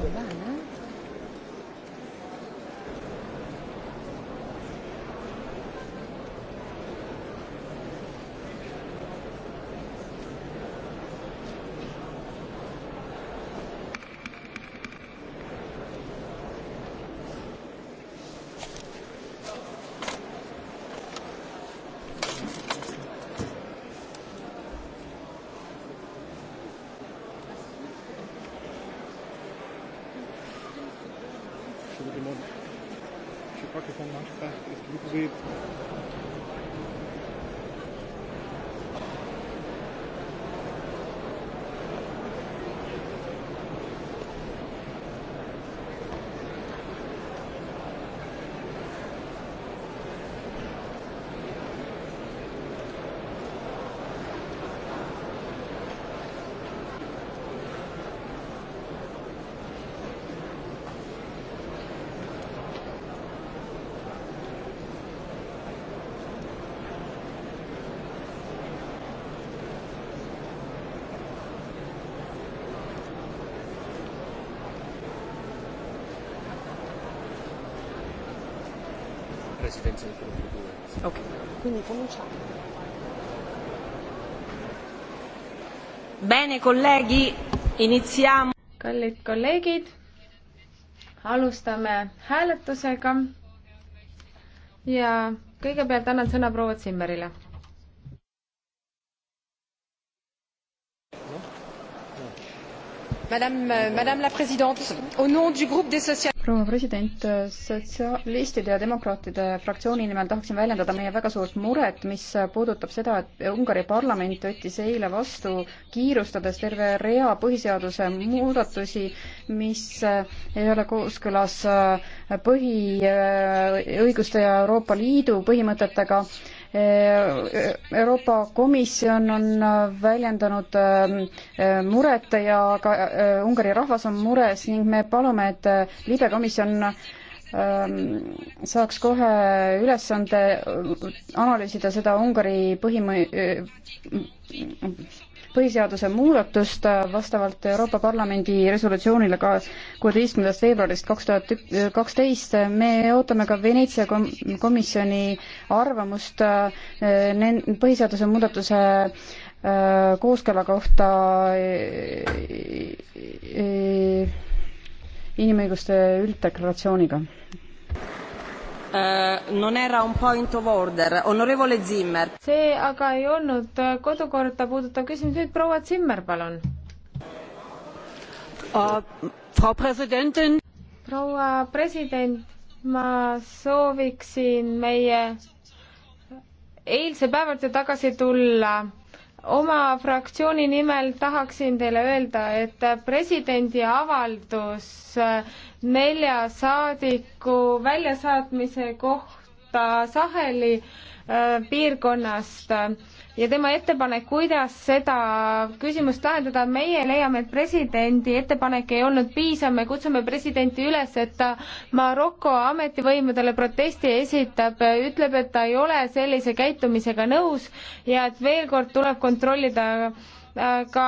อยู่บ้านนะ because we presidenza del gruppo 2. Ok, quindi cominciamo. Bene, colleghi, iniziamo. kallid kolleegid, alustame hääletusega ja kõigepealt annan sõna proua Zimmerile madame la présidente au nom du groupe des socialistes proua president, sotsialistide ja demokraatide fraktsiooni nimel tahaksin väljendada meie väga suurt muret, mis puudutab seda, et Ungari parlament võttis eile vastu kiirustades terve rea põhiseaduse muudatusi, mis ei ole kooskõlas põhiõiguste ja Euroopa Liidu põhimõtetega Euroopa Komisjon on äh, väljendanud äh, äh, muret ja ka Ungari rahvas on mures ning me palume, et libe komisjon ähm, saaks kohe ülesande analüüsida seda Ungari põhimõ-, põhiseaduse muudatust äh, vastavalt Euroopa Parlamendi resolutsioonile ka kuueteistkümnendast veebruarist kaks tuhat äh, kaksteist. me ootame ka Veneetsia komisjoni arvamust äh, põhiseaduse muudatuse kooskõla kohta inimõiguste ülddeklaratsiooniga. Uh, non era un point of order. Onorevole Zimmer. see aga ei olnud eh, kodukorda puudutav küsimus, nüüd proua Zimmer, palun uh,. Frau Präsidentin. proua president, ma sooviksin meie eilse päeva juurde tagasi tulla oma fraktsiooni nimel tahaksin teile öelda, et presidendi avaldus eh, nelja saadiku väljasaatmise kohta Saheli äh, piirkonnast ja tema ettepanek, kuidas seda küsimust lahendada, meie leiame, et presidendi ettepanek ei olnud piisav, me kutsume presidenti üles, et ta Maroko ametivõimudele protesti esitab, ütleb, et ta ei ole sellise käitumisega nõus ja et veel kord tuleb kontrollida äh, ka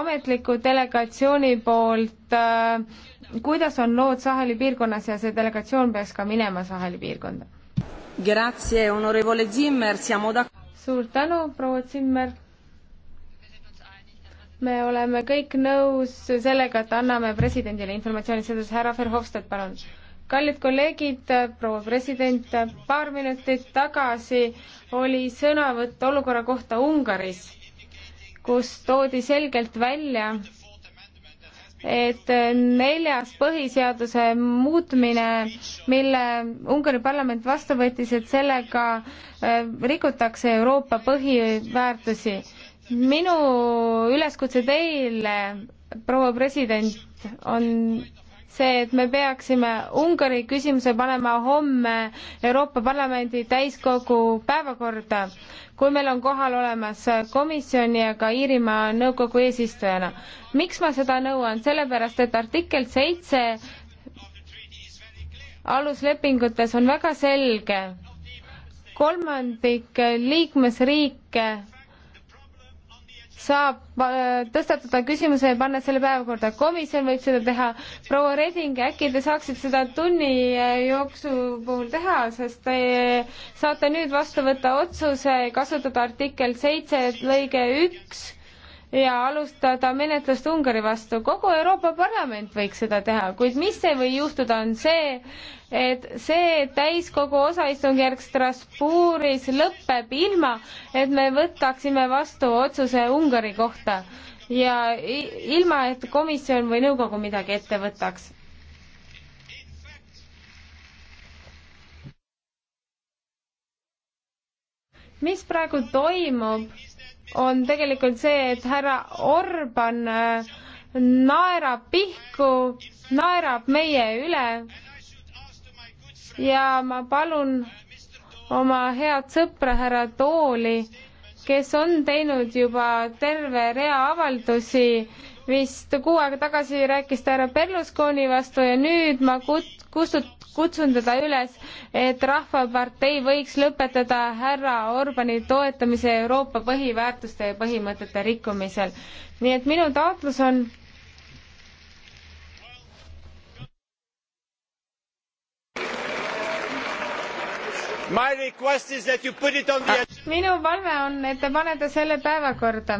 ametliku delegatsiooni poolt, äh, kuidas on lood Saheli piirkonnas ja see delegatsioon peaks ka minema Saheli piirkonda? suur tänu, proua Zimmer! me oleme kõik nõus sellega, et anname presidendile informatsiooni, selles härra Verhofstadt, palun. kallid kolleegid, proua president, paar minutit tagasi oli sõnavõtt olukorra kohta Ungaris kus toodi selgelt välja, et neljas põhiseaduse muutmine, mille Ungari parlament vastu võttis, et sellega äh, rikutakse Euroopa põhiväärtusi. minu üleskutse teile, proua president, on see, et me peaksime Ungari küsimuse panema homme Euroopa Parlamendi täiskogu päevakorda, kui meil on kohal olemas komisjon ja ka Iirimaa nõukogu eesistujana. miks ma seda nõuan, sellepärast et artikkel seitse aluslepingutes on väga selge, kolmandik liikmesriike saab äh, tõstatada küsimuse ja panna selle päevakorda. komisjon võib seda teha. proua Reding, äkki te saaksite seda tunni äh, jooksu puhul teha, sest te saate nüüd vastu võtta otsuse kasutada artikkel seitse lõige üks ja alustada menetlust Ungari vastu. kogu Euroopa Parlament võiks seda teha, kuid mis ei või juhtuda, on see, et see täiskogu osaistungjärk Strasbourgis lõpeb ilma, et me võtaksime vastu otsuse Ungari kohta ja ilma, et komisjon või nõukogu midagi ette võtaks mis praegu toimub, on tegelikult see, et härra Orban äh, naerab pihku, naerab meie üle ja ma palun oma head sõpra härra Tooli, kes on teinud juba terve rea avaldusi vist kuu aega tagasi rääkis ta härra Berlusconi vastu ja nüüd ma kut-, kustut-, kutsun teda üles, et Rahvapartei võiks lõpetada härra Orbani toetamise Euroopa põhiväärtuste ja põhimõtete rikkumisel. nii et minu taotlus on The... minu palve on, et te panete selle päevakorda.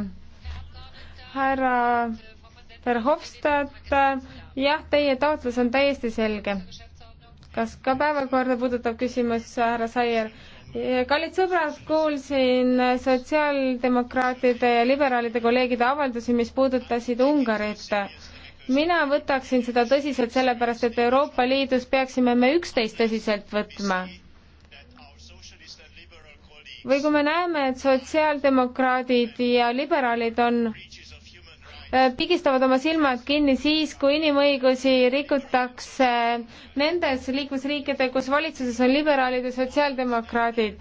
härra Verhofstadt, jah, teie taotlus on täiesti selge. kas ka päevakorda puudutav küsimus, härra Saier? kallid sõbrad, kuulsin sotsiaaldemokraatide ja liberaalide kolleegide avaldusi, mis puudutasid Ungarit. mina võtaksin seda tõsiselt, sellepärast et Euroopa Liidus peaksime me üksteist tõsiselt võtma või kui me näeme, et sotsiaaldemokraadid ja liberaalid on Äh, pigistavad oma silmad kinni siis, kui inimõigusi rikutakse nendes liikmesriikide, kus valitsuses on liberaalid ja sotsiaaldemokraadid.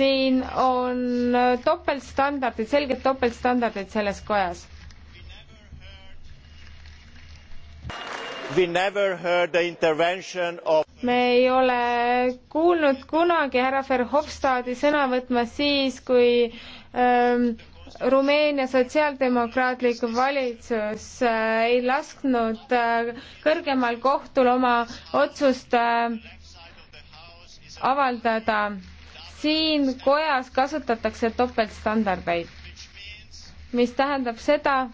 siin on äh, topeltstandardid, selged topeltstandardid selles kojas. Of... me ei ole kuulnud kunagi härra Verhofstadti sõna võtmas siis, kui ähm, Rumeenia sotsiaaldemokraatlik valitsus äh, ei lasknud äh, kõrgemal kohtul oma otsust äh, avaldada. siin kojas kasutatakse topeltstandardeid, mis tähendab seda,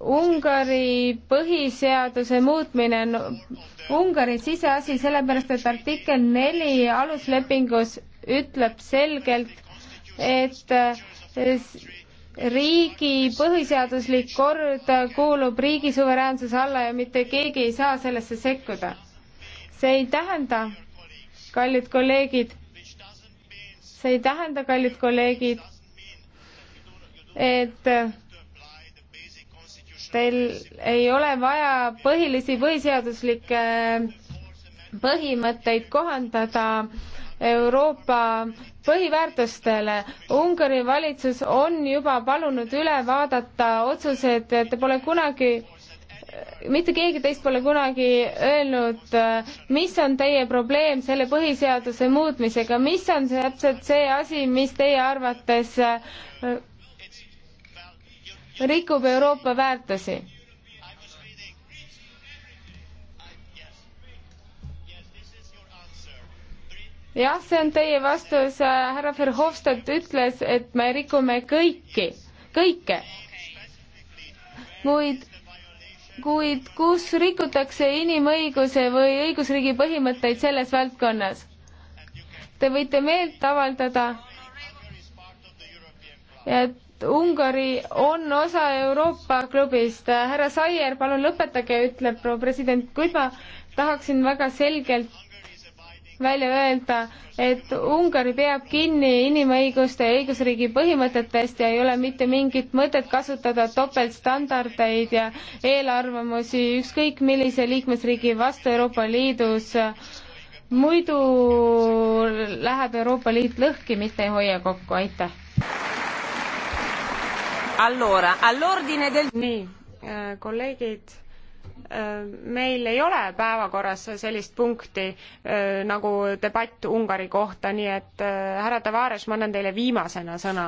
Ungari põhiseaduse muutmine on Ungari siseasi, sellepärast et artikkel neli aluslepingus ütleb selgelt, et eh, riigi põhiseaduslik kord kuulub riigi suveräänsuse alla ja mitte keegi ei saa sellesse sekkuda. see ei tähenda, kallid kolleegid, see ei tähenda, kallid kolleegid, et teil ei ole vaja põhilisi põhiseaduslikke eh, põhimõtteid kohandada äh, Euroopa põhiväärtustele. Ungari valitsus on juba palunud üle vaadata otsused, et pole kunagi mitte keegi teist pole kunagi öelnud, mis on teie probleem selle põhiseaduse muutmisega, mis on see täpselt see asi, mis teie arvates rikub Euroopa väärtusi jah, see on teie vastus, äh, härra Verhofstadt ütles, et me rikume kõiki, kõike. kuid, kuid kus rikutakse inimõiguse või õigusriigi põhimõtteid selles valdkonnas? Te võite meelt avaldada, et Ungari on osa Euroopa klubist. härra Saier, palun lõpetage, ütleb proua president, kuid ma tahaksin väga selgelt välja öelda, et Ungari peab kinni inimõiguste ja õigusriigi põhimõtetest ja ei ole mitte mingit mõtet kasutada topeltstandardeid ja eelarvamusi ükskõik millise liikmesriigi vastu Euroopa Liidus. muidu läheb Euroopa Liit lõhki, mitte ei hoia kokku, aitäh. Allora, all'ordine del... nii, kolleegid Äh, meil ei ole päevakorras sellist punkti äh, nagu debatt Ungari kohta, nii et äh, härra Tavares, ma annan teile viimasena sõna.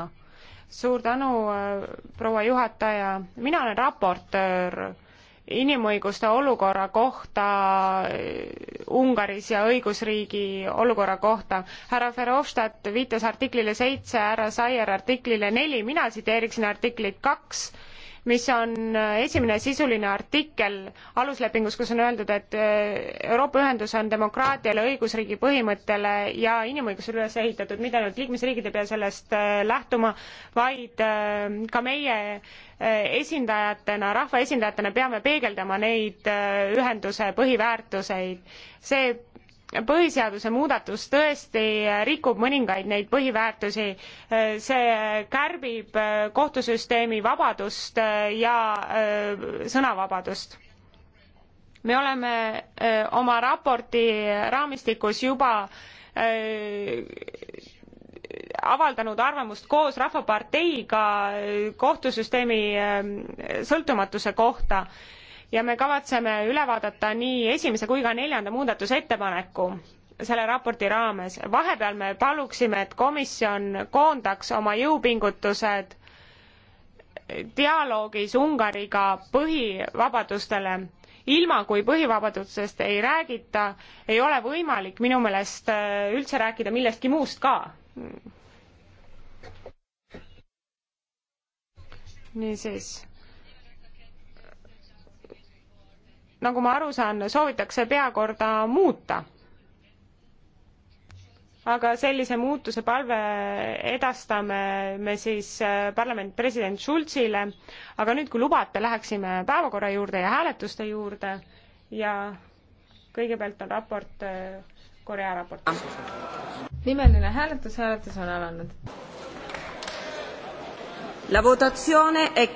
suur tänu, proua juhataja, mina olen raportöör inimõiguste olukorra kohta Ungaris ja õigusriigi olukorra kohta. härra Verhofstadt viitas artiklile seitse, härra Saier artiklile neli, mina tsiteeriksin artiklit kaks mis on äh, esimene sisuline artikkel aluslepingus, kus on öeldud, et äh, Euroopa Ühendus on demokraatiale, õigusriigi põhimõttele ja inimõigusele üles ehitatud, mitte ainult liikmesriigid ei pea sellest äh, lähtuma, vaid ka meie esindajatena, rahvaesindajatena peame peegeldama neid ühenduse põhiväärtuseid. see põhiseaduse muudatus tõesti rikub mõningaid neid põhiväärtusi. see kärbib kohtusüsteemi vabadust ja äh, sõnavabadust me oleme äh, oma raporti raamistikus juba äh, avaldanud arvamust koos Rahvaparteiga kohtusüsteemi sõltumatuse kohta ja me kavatseme üle vaadata nii esimese kui ka neljanda muudatusettepaneku selle raporti raames. vahepeal me paluksime, et komisjon koondaks oma jõupingutused dialoogis Ungariga põhivabadustele. ilma, kui põhivabadustest ei räägita, ei ole võimalik minu meelest äh, üldse rääkida millestki muust ka. niisiis nagu ma aru saan, soovitakse peakorda muuta. aga sellise muutuse palve edastame me siis äh, parlamendi president Schulzile, aga nüüd, kui lubate, läheksime päevakorra juurde ja hääletuste juurde ja kõigepealt on raport, äh, Korea raport. nimeline hääletus, hääletus on alanud. La votazione è